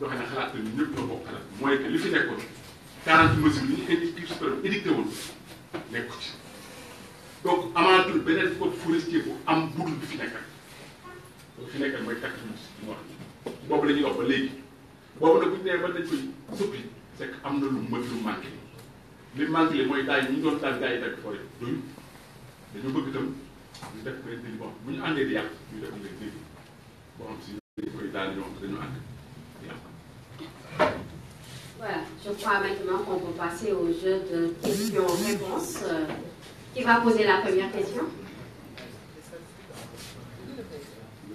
joxe na xalaat bi ñëpp ñoo bokk xalaat mooy que li fi nekkoon 40 mesures yi ñu indi kii suprême édicté woon nekku ci donc amaatul beneen code forestier bu am budul bi fi nekkal bu fi nekkal mooy 14 ñu wax boobu la ñuy wax ba léegi boobu nag bu ñu nee mën nañ koy suppi c'est que am na lu mën lu manqué li manqué mooy daay ñi doon daal daay dagg forêt doyul dañu bëgg itam ñu def benn dégg bu ñu àndee di yàq ñu def benn dégg boo xam si dañu koy daal ñoo xam dañu Voilà, je crois maintenant qu'on peut passer au jeu de questions-réponses. Euh, qui va poser la première question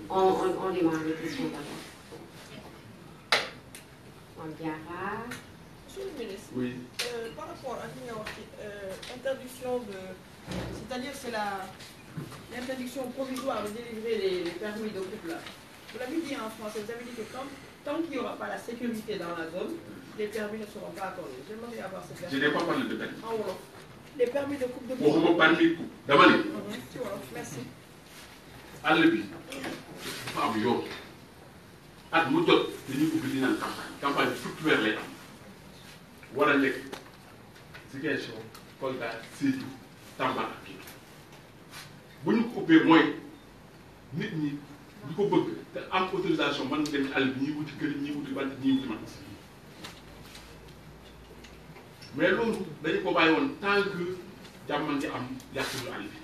on, on, les questions d'abord. On verra. Monsieur le ministre, euh, par rapport à l'interdiction euh, de. C'est-à-dire, c'est la l'interdiction provisoire de délivrer les, permis de Vous l'avez dit en français, vous avez dit que comme Tant qu'il n'y aura pas la sécurité dans la zone, les permis ne seront pas accordés. J'aimerais avoir cette version. Je n'ai pas parlé de permis. En ah, Wolof. Les permis de coupe de bois. Pour pas de coupe. D'abord. Mhm, merci. Allez, puis. Fabio. At mu jot dañuy ubbi li campagne campagne fukki weer lay am war a nekk Ziguinchor Kolda Sédhiou Tamba ak Kédougou bu ñu nous ubbee mooy nit ñi ñu ko bëgg te am autorisation mën nga dem ci àll bi ñuy wuti këriñ ñuy wuti bant ñuy wuti man mais loolu dañu ko bàyyi woon tant que jàmman ci am yàquñu àll bi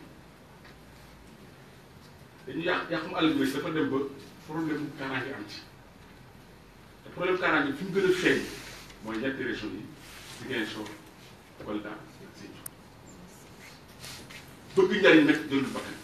dañu yàq yàqum àll bi rek dafa dem ba problème kaaraange am ci te problème kaaraange fi mu gën a feeñ mooy ñetti région yi Ziguinchor Kolda ak Sédhiou bëgg njariñ nag jëlul bakkan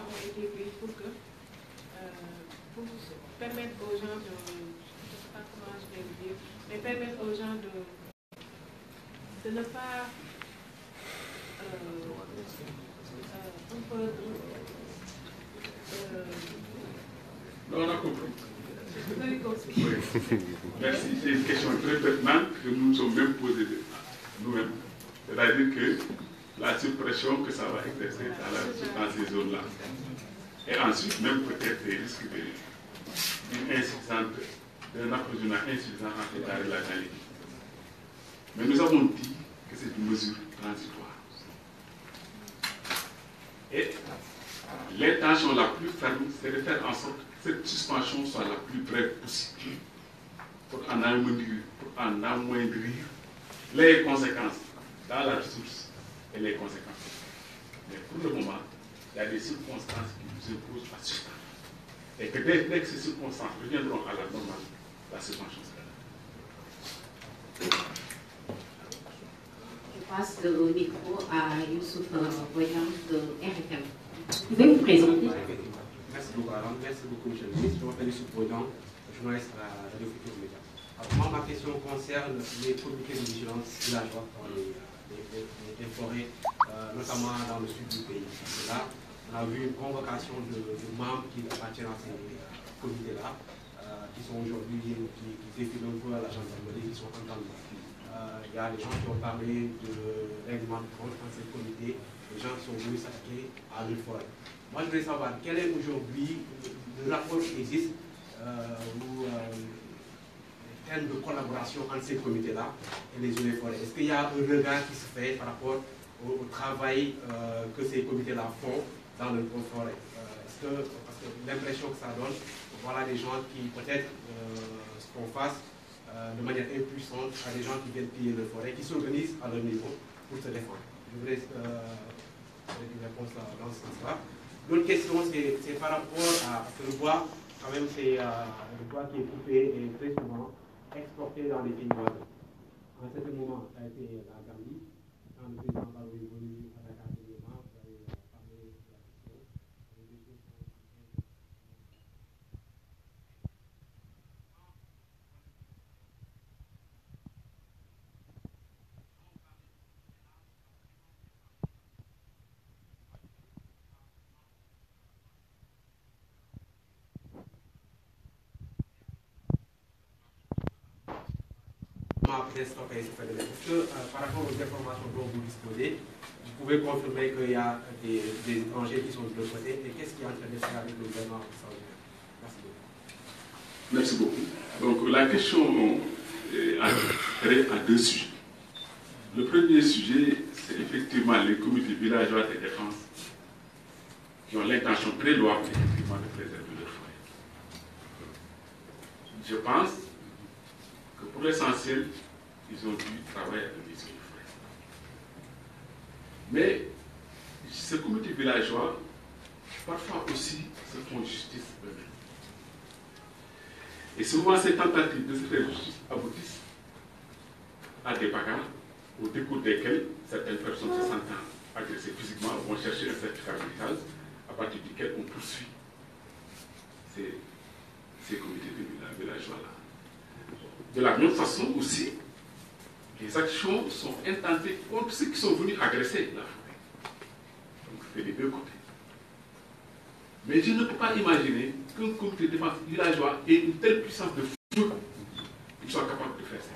ont été prises pour que euh, pour permettre aux gens de je ne sais pas comment je vais le dire, mais permettre aux gens de, de ne pas euh, euh, on peut non, on a compris. Merci. C'est une question très pertinente que nous nous sommes même posée nous-mêmes. C'est-à-dire que la suppression que ça va exercer dans, ces zones-là. Et ensuite, même peut-être des risques d'une insuffisante, d'un approvisionnement insuffisant en état de la qualité. Mais nous avons dit que c'est une mesure transitoire. Et l'intention la plus ferme, c'est de faire en sorte que cette suspension soit la plus brève possible pour en pour en amoindrir les conséquences dans la ressource et les conséquences. Mais pour le moment, il y a des circonstances qui nous imposent à suspendre. Et que dès, que ces circonstances reviendront à la normale, la suspension sera là. Je passe le micro à Youssouf euh, Voyant de RFM. Vous pouvez vous présenter Merci beaucoup, Alain. Merci beaucoup, monsieur le ministre. Je m'appelle Youssouf Voyant, journaliste à Radio Futur Média. Alors, moi, ma question concerne les comités de vigilance villageois pour les euh, des, euh, notamment dans le sud du pays. là, on a vu une convocation de, membres qui appartiennent à ces comités-là, euh, qui sont aujourd'hui, qui, qui défilent un peu à la gendarmerie, qui sont entendus. Euh, il y a des gens qui ont parlé de règlement de compte dans ces comités, les gens qui sont venus s'attaquer à deux fois. Moi, je voulais savoir quelle est aujourd'hui l'approche qui existe de collaboration entre ces comités-là et les jeunes forêts Est-ce qu'il y a un regard qui se fait par rapport au, travail euh, que ces comités-là font dans le grand forêt euh, Est-ce que, Parce que l'impression que ça donne, voilà des gens qui peut-être euh, ce qu'on fasse de manière impuissante à des gens qui viennent piller le forêt, qui s'organisent à leur niveau pour se défendre. Je voudrais une réponse là, dans ce sens-là. L'autre question, c'est par rapport à ce bois quand même, c'est le bois qui est coupé et très souvent exporté dans les pays moment, ça a été euh, la est que euh, par rapport aux informations dont vous disposez, vous pouvez confirmer qu'il y a des, des, étrangers qui sont de l'autre côté et qu'est-ce qui est en train de faire avec le gouvernement Merci beaucoup. Merci beaucoup. Donc la question est à, deux sujets. Le premier sujet, c'est effectivement les comités villageois de défense qui ont l'intention très loin de préserver le foyer. Je pense que pour l'essentiel, ils ont dû travailler avec les frères. Mais ces comités villageois, parfois aussi, se font justice eux-mêmes. Et souvent, ces tentatives de se faire justice aboutissent à des bagarres au décours desquels certaines personnes se sentent agressées physiquement vont chercher un certificat médical à partir duquel on poursuit ces, comités de villageois-là. De la même façon aussi, les actions sont intentées contre ceux qui sont venus agresser la forêt. Donc c'est des deux côtés. Mais je ne peux pas imaginer qu'un comité de défense villageois ait une telle puissance de feu qu'il soit capable de faire ça.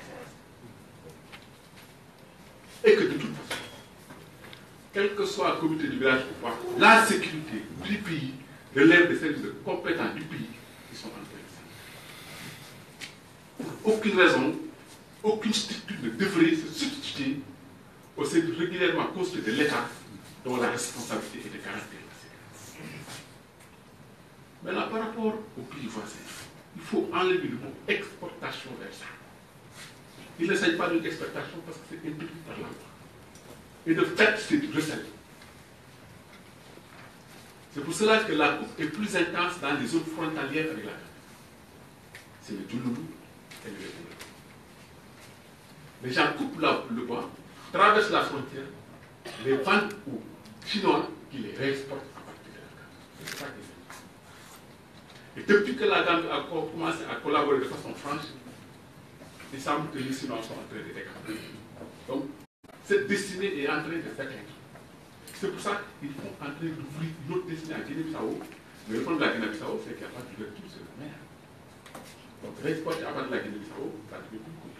Et que de toute façon, quel que soit le comité du village ou la sécurité du pays relève des services compétents du pays qui sont en train aucune raison aucune structure ne devrait se substituer au service régulièrement cause de l'État dont la responsabilité est de caractère. Maintenant, par rapport aux pays voisins, il faut enlever le mot exportation vers ça. Il ne s'agit pas d'une exportation parce que c'est par l'emploi. Et de fait, c'est du C'est pour cela que la coupe est plus intense dans les zones frontalières avec la C'est le tout et le Vietnam les gens coupent le bois, traversent la frontière, les vendent aux Chinois qui les réexportent à partir de la Gambie. Et depuis que la dame a commencé à collaborer de façon franche, ils savent que les Chinois sont en train de décapiter. Donc, cette destinée est en train de s'éteindre. C'est pour ça qu'ils sont entrer train d'ouvrir une autre destinée à Guinée-Bissau. Mais le problème de la Guinée-Bissau, c'est qu'il n'y a pas de tout sur la mer. Donc, réexporter à partir de la Guinée-Bissau, ça devient plus compliqué.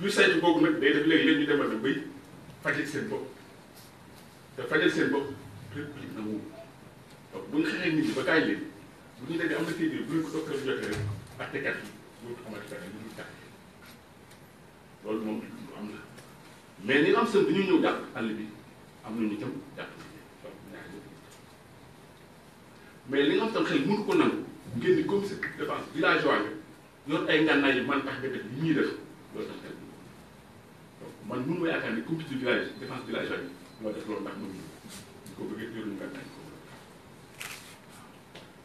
du saytu boobu nag day def léegi léeg ñu demal na bay fajal seen bopp te fajal seen bopp république na moom donc bu ñu xeexee nit ñi ba kaay leen bu ñu demee am na tey jii bu ñu ko docteur bi jotee rek attekat yi dootu amati dara ñu ngi tàq loolu moom lu am la mais ni am seen bi ñu ñëw jàpp àll bi am na ñu jëm jàpp mais li nga xam tam xel mënu ko nangu ngeen di comme si défense villageois yi yor ay ngànnaay yi man tax nga def li ñuy def loolu tax man mënu ma yaakaar ne comité village défense village bi moo def loolu ndax mënuñu ko bëggee jëluñu nga nañ ko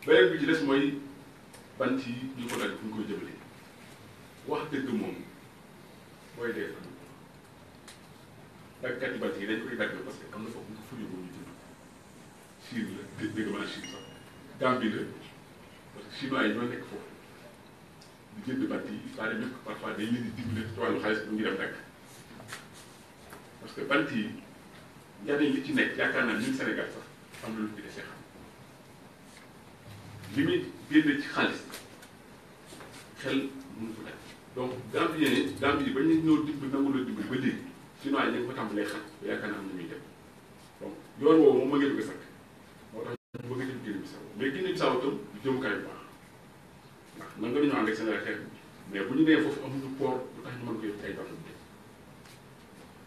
beneen bi ci des mooy bant yi ñu ko daj fu ñu koy jëmale wax dëgg moom mooy dee fan dagkat yi bant yi dañ koy dagg parce que am na foofu ñu ko furi boobu ñu jënd Chine la dégg dégg naa Chine sax Gambie la parce que chinois yi ñoo nekk foofu di jënd bant yi saa ne parfois dañ leen di dimbali ci wàllu xaalis bu ñu dem dagg parce que bant yi njariñ li ci nekk yaakaar naa ñun Sénégal sax am na lu ñu desee xam li muy ci donc Gambien yi Gambie ba ñu ñëw dimbali nangu la dimbali ba léegi chinois yi ñu ngi ko tàmbalee xam yaakaar naa am na muy dem donc yoon woowu moom ma ngeen ko sakk moo tax ñu bëgg a jëm Guinée Bissau mais Guinée Bissau bu baax ndax nan nga dañoo ànd ak Sénégal xeex mais bu ñu nee foofu amuñu port lu tax ñu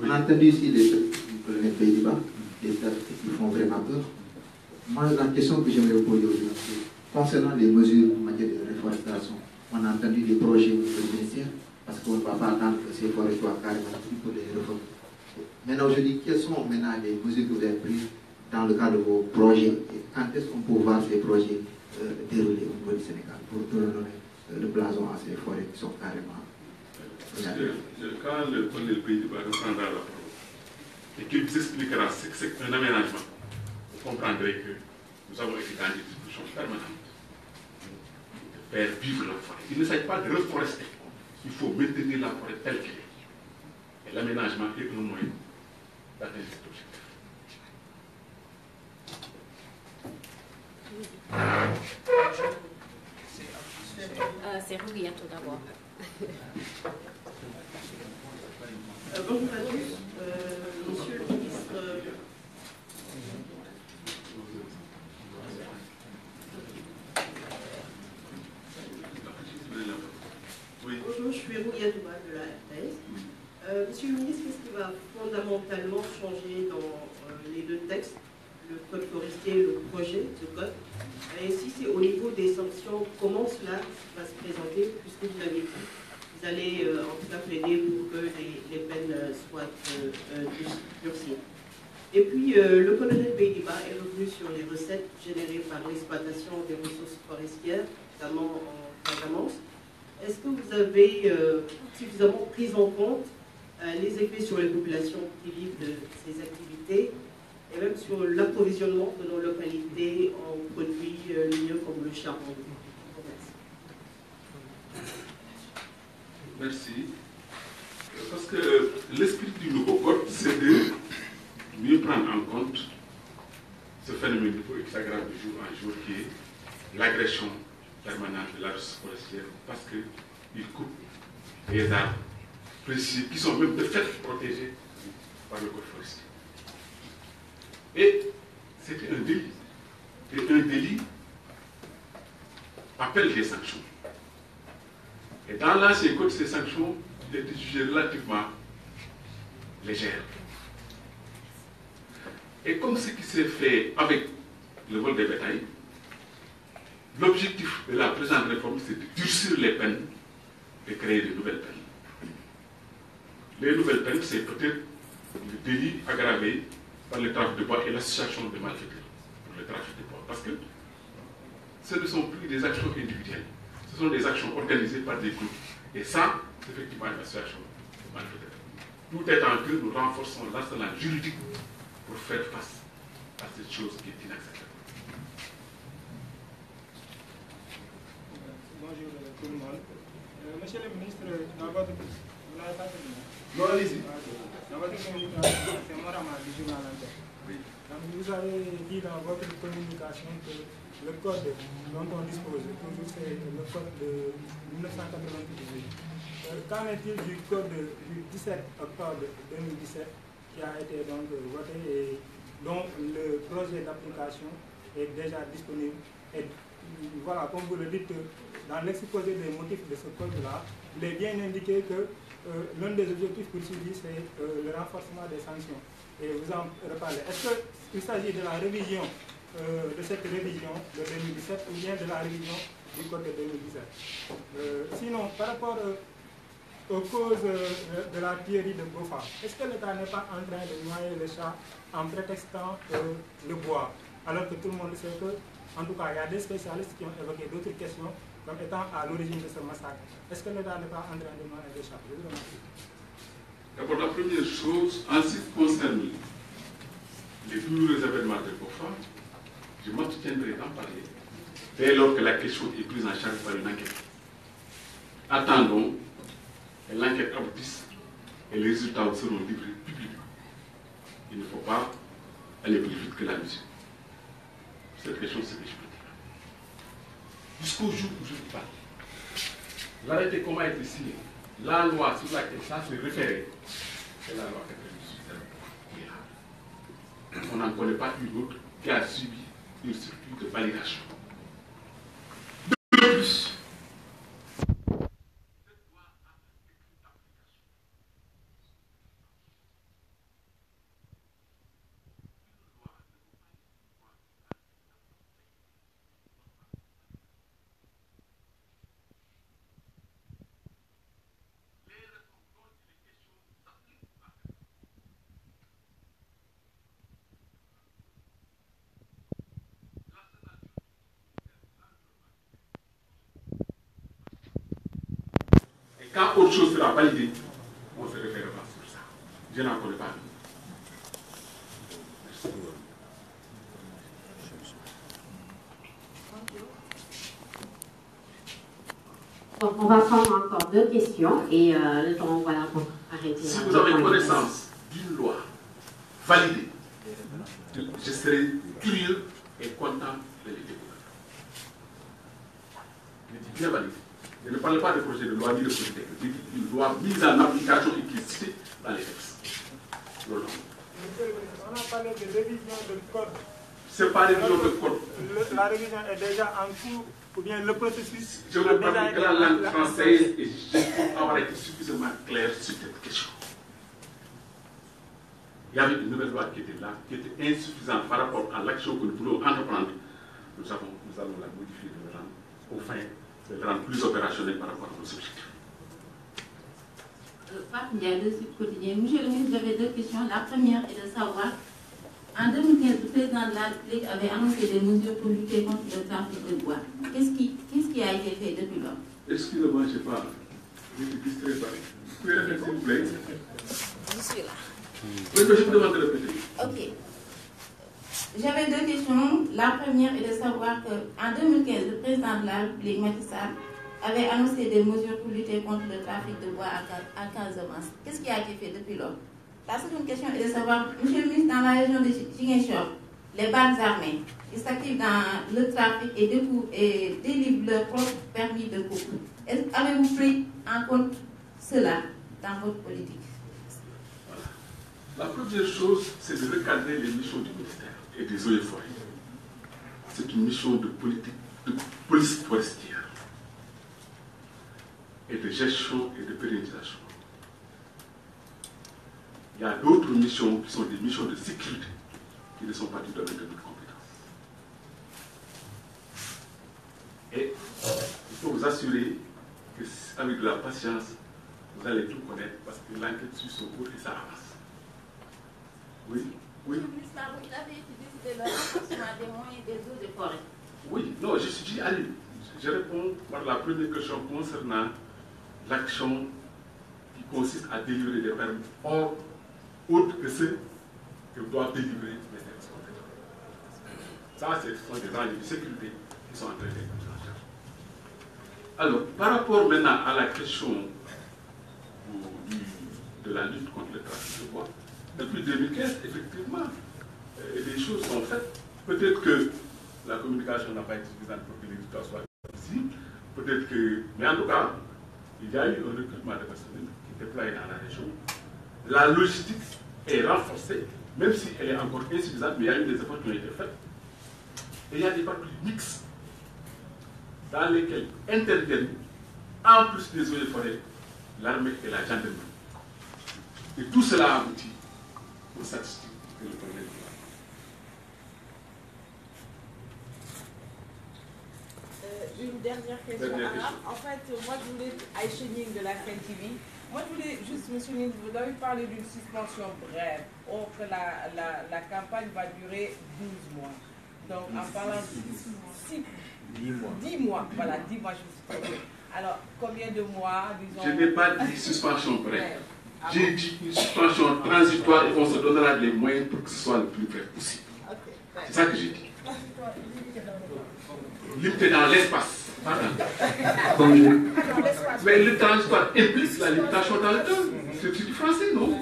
On a entendu ici les, Pays-Bas, des dates qui font vraiment peur. Moi, la question que j'aimerais poser aujourd'hui, concernant les mesures en matière de réforestation, on a entendu des projets ministère parce qu'on ne va pas attendre que ces forêts soient carrément pour les réformes Maintenant, dis quelles sont maintenant les mesures que vous avez prises dans le cadre de vos projets et quand est-ce qu'on peut voir ces projets euh, déroulés au niveau du Sénégal pour donner euh, le blason à ces forêts qui sont carrément parce que quand le pays va reprendra la parole et qu'il vous expliquera ce que c'est qu'un aménagement, vous comprendrez que nous avons été dans une discussion permanente de faire vivre la forêt. Il ne s'agit pas de reforester, il faut maintenir la forêt telle qu'elle est. Et l'aménagement est le moyen d'atteindre cet objectif. Euh, c'est tout d'abord. Euh, bonjour à tous. Euh, monsieur le ministre. Euh, bonjour, je suis Rouyadouba de la RTS. monsieur le ministre, qu'est-ce qui va fondamentalement changer dans les deux textes, le code forestier et le projet de code Et si c'est au niveau des sanctions, comment cela va se présenter Puisque vous avez dit, vous allez aider pour que les, peines euh, soient euh, euh, durcies. Et puis, le colonel Pays-Bas est revenu sur les recettes générées par l'exploitation des ressources forestières, notamment en Casamance. Est-ce que vous avez suffisamment pris en compte les effets sur les populations qui vivent de ces activités et même sur l'approvisionnement de nos localités en produits mieux comme le charbon Merci. Merci parce que l'esprit du nouveau code, c'est de mieux prendre en compte ce phénomène qui s'aggrave de jour en jour, qui est l'agression permanente de la justice forestière, parce qu'il coupe les arbres précis qui sont même de fait protégés par le code forestier. Et c'était un délit. Et un délit appelle des sanctions. Et dans l'ancien code, ces sanctions était relativement légère. Et comme ce qui s'est fait avec le vol des bétails, l'objectif de la présente réforme, c'est de durcir les peines, et créer de nouvelles peines. Les nouvelles peines, c'est peut-être le délit aggravé par le trafic de bois et l'association de malfaiteurs pour le trafic de bois. Parce que ce ne sont plus des actions individuelles, ce sont des actions organisées par des groupes. Et ça, effectivement une situation Tout est en que nous renforçons l'arsenal juridique pour faire face à cette chose qui est inacceptable. Bonjour tout le monde. Euh, monsieur le ministre, dans votre... pas hein? Non, allez-y. Ah, dans votre communication, c'est moi du journal Oui. vous avez dit dans votre communication que le code dont on dispose toujours c'est le code de 1998. Qu'en est-il du code du 17 octobre 2017 qui a été donc voté et dont le projet d'application est déjà disponible et voilà, comme vous le dites, dans l'exposé des motifs de ce code-là, il est bien indiqué que euh, l'un des objectifs poursuivis, c'est euh, le renforcement des sanctions. Et vous en reparlez. Est-ce qu'il s'agit de la révision, euh, de cette révision de 2017 ou bien de la révision du code de 2017 Sinon, par rapport aux causes euh, de, la théorie de Bofa. Est-ce que l'État n'est pas en train de noyer le chat en prétextant euh, le bois Alors que tout le monde sait que, en tout cas, il y a des spécialistes qui ont évoqué d'autres questions comme étant à l'origine de ce massacre. Est-ce que l'État n'est pas en train de noyer le chat Je vous D'abord, la première chose, en ce qui concerne les douloureux événements de Bofa, je m'abstiendrai d'en parler dès lors que la question est prise en charge par une enquête. Attendons et l'enquête aboutisse et les résultats seront livrés publiquement. Il ne faut pas aller plus vite que la mission. Cette question, c'est que je peux dire. Jusqu'au jour où je vous parle, l'arrêté comment a été signé, la loi sur laquelle ça se référé, c'est la loi 98 On n'en connaît pas une autre qui a subi une structure de validation. Quand autre chose sera validée, on se référera sur ça. Je n'en connais pas. Merci. Donc, on va prendre encore deux questions et euh, le temps, voilà, pour arrêter. Si vous avez connaissance d'une loi validée, je serai curieux et content de les découvrir. dis bien validée. Je ne parle pas de projet de loi ni de projet technique. une loi mise en application et qui cite dans les textes. Non, on a parlé de révision de code. n'est pas révision de code. la révision est déjà en cours ou bien le processus. Je vous parle de la langue française et je pour avoir été suffisamment clair sur cette question. Il y avait une nouvelle loi qui était là, qui était insuffisante par rapport à l'action que nous voulons entreprendre. Nous, allons la modifier de au fin c'est de plus opérationnel par rapport à nos objectifs. Euh, Monsieur le ministre, j'avais deux questions. La première est de savoir, en 2015, le président de la République avait annoncé des mesures pour lutter contre le trafic de bois. Qu'est-ce qui, qui, a été fait depuis lors Excusez-moi, je parle. Je suis distrait par Vous pouvez répéter, s'il vous plaît Je suis là. Oui, je vous demande de répéter. Ok. J'avais deux questions. La première est de savoir qu'en 2015, le président de la République, Matissal avait annoncé des mesures pour lutter contre le trafic de bois à 15 mars. Qu'est-ce qui a été fait depuis lors La seconde question est de savoir, Monsieur le ministre, dans la région de Chiginchor, les bandes armées, qui s'activent dans le trafic et, délivrent leur propre permis de cours. Avez-vous pris en compte cela dans votre politique La première chose, c'est de recadrer les missions du ministère et des eaux et C'est une mission de politique, de police forestière et de gestion et de pérennisation. Il y a d'autres missions qui sont des missions de sécurité qui ne sont pas du domaine de notre compétence. Et il faut vous assurer que avec de la patience, vous allez tout connaître parce que l'inquiétude suit son cours et ça avance. Oui, oui. Oui, non, je suis dit allez, Je réponds par la première question concernant l'action qui consiste à délivrer des permis hors autres que ceux que doivent délivrer les Ça, ce sont des règles de sécurité qui sont en train alors, par rapport maintenant à la question de la lutte contre le trafic de bois, depuis 2015, effectivement, choses sont faites. Peut-être que la communication n'a pas été suffisante pour que les résultats soient ici. Peut-être que. Mais en tout cas, il y a eu un recrutement de personnel qui est déployé dans la région. La logistique est renforcée, même si elle est encore insuffisante, mais il y a eu des efforts qui ont été faits. Et il y a des partis mixtes dans lesquels interviennent, en plus des eaux et forêts, l'armée et la gendarmerie. Et tout cela aboutit aux statistiques que le une dernière ah, question. en fait, moi, je voulais, Aïcha de la TV, moi, je voulais juste, monsieur Ning, vous avez parlé d'une suspension brève. Or, la, la, la, campagne va durer 12 mois. Donc, en parlant de 6 mois. 10 mois, voilà, 10 mois, je me Alors, combien de mois, disons Je n'ai pas dit suspension brève. Ah j'ai dit suspension transitoire et on se donnera les moyens pour que ce soit le plus bref possible. C'est ça que j'ai dit. limité dans l'espace. Comme... Mais l'espace », l'espace implique la limitation dans le temps. C'est du français, non dans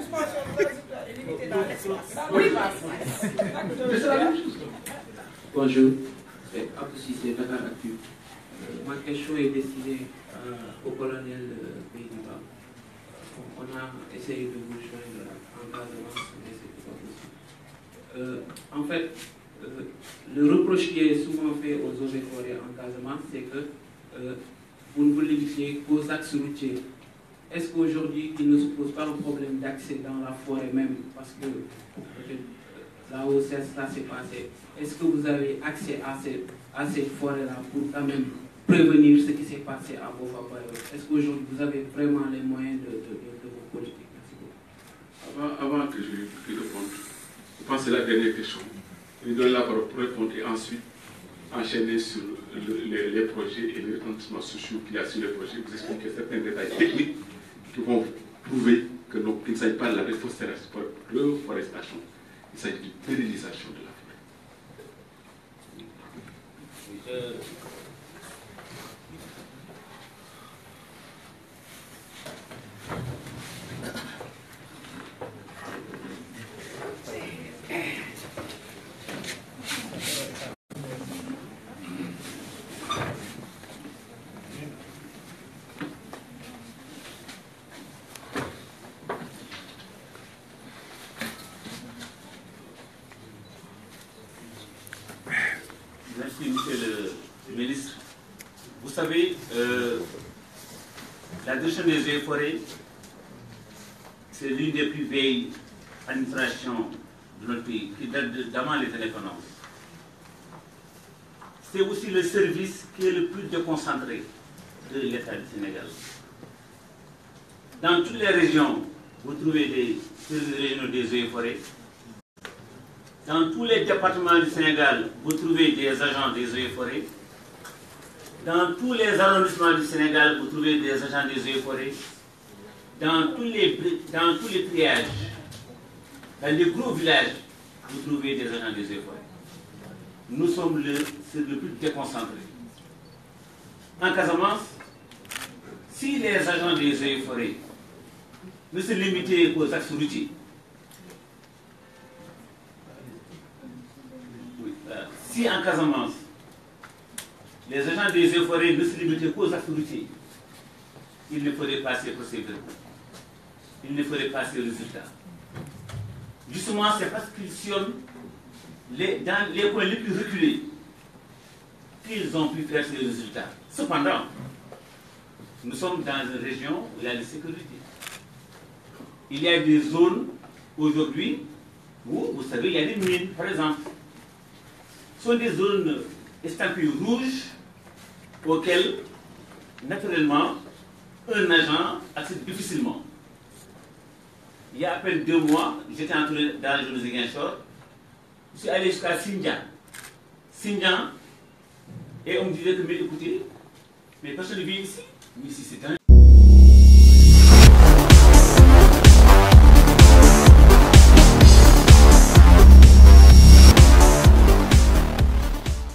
l'espace ». Oui. Mais c'est la même chose. Bonjour. C'est eh, si c'est Dakar Actu. Ma question est destinée euh, au colonel Pays-Bas. Euh, euh, on a essayé de vous joindre en cas de mais ce pas possible. en fait, le reproche qui est souvent fait aux zones forêts en casement, c'est que euh, vous ne vous limitez qu'aux axes routiers. Est-ce qu'aujourd'hui, il ne se pose pas le problème d'accès dans la forêt même Parce que euh, là aussi, ça s'est passé, est-ce que vous avez accès à ces, à forêts-là pour quand même prévenir ce qui s'est passé à vos papayos? Est-ce qu'aujourd'hui, vous avez vraiment les moyens de, de, de Merci Avant, que je, je réponde, je pense que c'est la dernière question la parole pour répondre et ensuite enchaîner sur les, projets et les retentissements sociaux qu'il y a sur les projets, vous expliquer certains détails techniques qui vont prouver qu'il qu ne s'agit pas de la reforestation, il s'agit de la pérennisation de la forêt. Euh, c'est l'une des plus vieilles administrations de notre pays, qui date d'avant les téléphones. C'est aussi le service qui est le plus déconcentré de l'État du Sénégal. Dans toutes les régions, vous trouvez des régions des eaux et forêts. Dans tous les départements du Sénégal, vous trouvez des agents des eaux et forêts. Dans tous les arrondissements du Sénégal, vous trouvez des agents des eaux et forêts dans tous les, dans tous les triages, dans les gros villages, vous trouvez des agents des efforts. Nous sommes le, le plus déconcentré. En Casamance, si les agents des eaux forêts ne se limitaient aux axes si en Casamance, les agents des eaux forêts ne se limitaient qu'aux axes il ne faudrait pas ces procédures. Il ne faudrait pas ces résultats. Justement, c'est parce qu'ils sont les, dans les points les plus reculés qu'ils ont pu faire ces résultats. Cependant, nous sommes dans une région où il y a des sécurité. Il y a des zones aujourd'hui où, vous savez, il y a des mines, par exemple. Ce sont des zones estampées rouges auxquelles, naturellement, un agent accède difficilement. Il y a à peine deux mois, j'étais entouré dans les région de Je suis allé jusqu'à Xinjiang. Xinjiang, et on me disait que, mais écoutez, mais personne ne vit ici. Mais si c'est un